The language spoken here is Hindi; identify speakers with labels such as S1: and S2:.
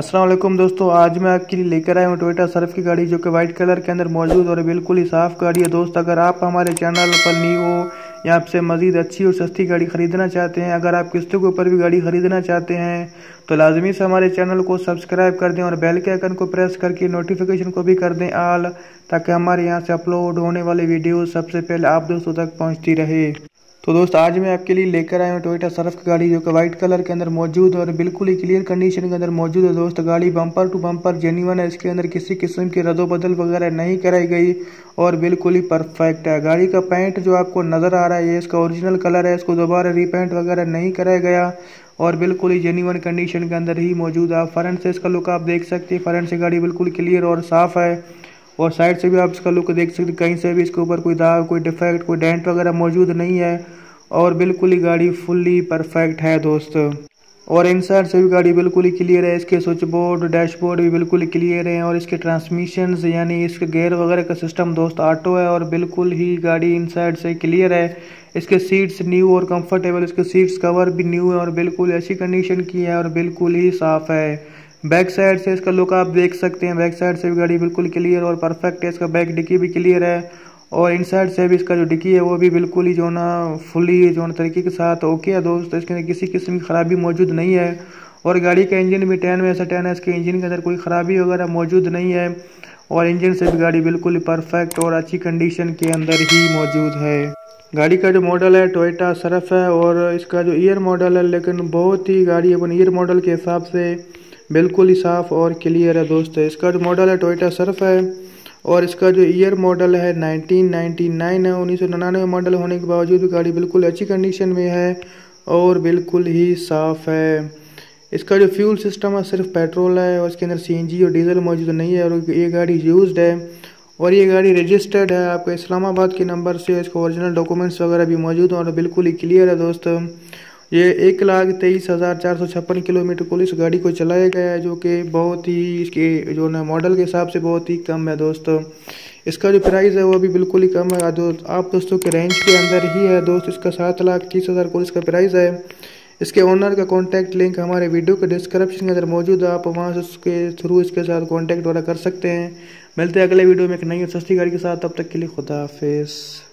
S1: असलम दोस्तों आज मैं आपके लिए लेकर आया हूँ टोयोटा सर्फ की गाड़ी जो कि वाइट कलर के अंदर मौजूद और बिल्कुल ही साफ गाड़ी है दोस्त अगर आप हमारे चैनल पर नहीं हो या आपसे मज़ीद अच्छी और सस्ती गाड़ी ख़रीदना चाहते हैं अगर आप किस्तों के ऊपर भी गाड़ी ख़रीदना चाहते हैं तो लाजमी से हमारे चैनल को सब्सक्राइब कर दें और बेल के आइकन को प्रेस करके नोटिफिकेशन को भी कर दें आल ताकि हमारे यहाँ से अपलोड होने वाले वीडियो सबसे पहले आप दोस्तों तक पहुँचती रहे तो दोस्त आज मैं आपके लिए लेकर आया हूँ टोयोटा सरफ की गाड़ी जो कि वाइट कलर के अंदर मौजूद और बिल्कुल ही क्लियर कंडीशन के अंदर मौजूद है दोस्त गाड़ी बम्पर टू बम्पर जेन्यून है इसके अंदर किसी किस्म की रदो बदल वगैरह नहीं कराई गई और बिल्कुल ही परफेक्ट है गाड़ी का पैंट जो आपको नज़र आ रहा है ये इसका ओरिजिनल कलर है इसको दोबारा रीपेंट वगैरह नहीं कराया गया और बिल्कुल ही जेन्यून कंडीशन के अंदर ही मौजूद है फ्रंट से इसका लुक आप देख सकते हैं फ्रंट से गाड़ी बिल्कुल क्लियर और साफ़ है और साइड से भी आप इसका लुक देख सकते कहीं से भी इसके ऊपर कोई दाग कोई डिफेक्ट कोई डेंट वगैरह मौजूद नहीं है और बिल्कुल ही गाड़ी फुल्ली परफेक्ट है दोस्त और इन साइड से भी गाड़ी बिल्कुल ही क्लियर है इसके स्विच बोर्ड डैशबोर्ड भी बिल्कुल ही क्लियर है और इसके ट्रांसमिशन यानी इसके गेयर वगैरह का सिस्टम दोस्त ऑटो है और बिल्कुल ही गाड़ी इन साइड से क्लियर है इसके सीट्स न्यू और कंफर्टेबल इसके सीट्स कवर भी न्यू है और बिल्कुल ऐसी कंडीशन की है और बिल्कुल ही साफ़ है बैक साइड से इसका लुक आप देख सकते हैं बैक साइड से भी गाड़ी बिल्कुल क्लियर और परफेक्ट है इसका बैक डिक्की भी क्लियर है और इन साइड से भी इसका जो डिक्की है वो भी बिल्कुल ही जो ना फुली जो ना तरीके के साथ ओके है दोस्त इसके अंदर किसी किस्म की खराबी मौजूद नहीं है और गाड़ी का इंजन भी टेन में ऐसा टेन है इसके इंजन के अंदर कोई ख़राबी वगैरह मौजूद नहीं है और इंजन से भी गाड़ी बिल्कुल परफेक्ट और अच्छी कंडीशन के अंदर ही मौजूद है गाड़ी का जो मॉडल है टोयोटा सरफ है और इसका जो ईयर मॉडल है लेकिन बहुत ही गाड़ी अपन ईयर मॉडल के हिसाब से बिल्कुल ही साफ़ और क्लियर है दोस्तों इसका जो मॉडल है टोयटा सर्फ है और इसका जो ईयर मॉडल है 1999 है उन्नीस मॉडल होने के बावजूद गाड़ी बिल्कुल अच्छी कंडीशन में है और बिल्कुल ही साफ़ है इसका जो फ्यूल सिस्टम है सिर्फ पेट्रोल है और इसके अंदर सीएनजी और डीजल मौजूद नहीं है और ये गाड़ी यूज्ड है और ये गाड़ी रजिस्टर्ड है आपका इस्लामाबाद के नंबर से इसका ओरिजिनल डॉक्यूमेंट्स वगैरह भी मौजूद हैं और बिल्कुल ही क्लियर है दोस्तों ये एक लाख तेईस हज़ार चार सौ छप्पन किलोमीटर को इस गाड़ी को चलाया गया है जो कि बहुत ही इसके जो ना मॉडल के हिसाब से बहुत ही कम है दोस्तों इसका जो प्राइस है वो अभी बिल्कुल ही कम है दो, आप दोस्तों के रेंज के अंदर ही है दोस्त इसका सात लाख तीस हज़ार को इसका प्राइस है इसके ओनर का कॉन्टैक्ट लिंक हमारे वीडियो के डिस्क्रिप्शन के अंदर मौजूद है आप वहाँ से उसके थ्रू इसके साथ कॉन्टैक्ट वगैरह कर सकते हैं मिलते हैं अगले वीडियो में एक नई और सस्ती गाड़ी के साथ तब तक के लिए खुदा हाफिज़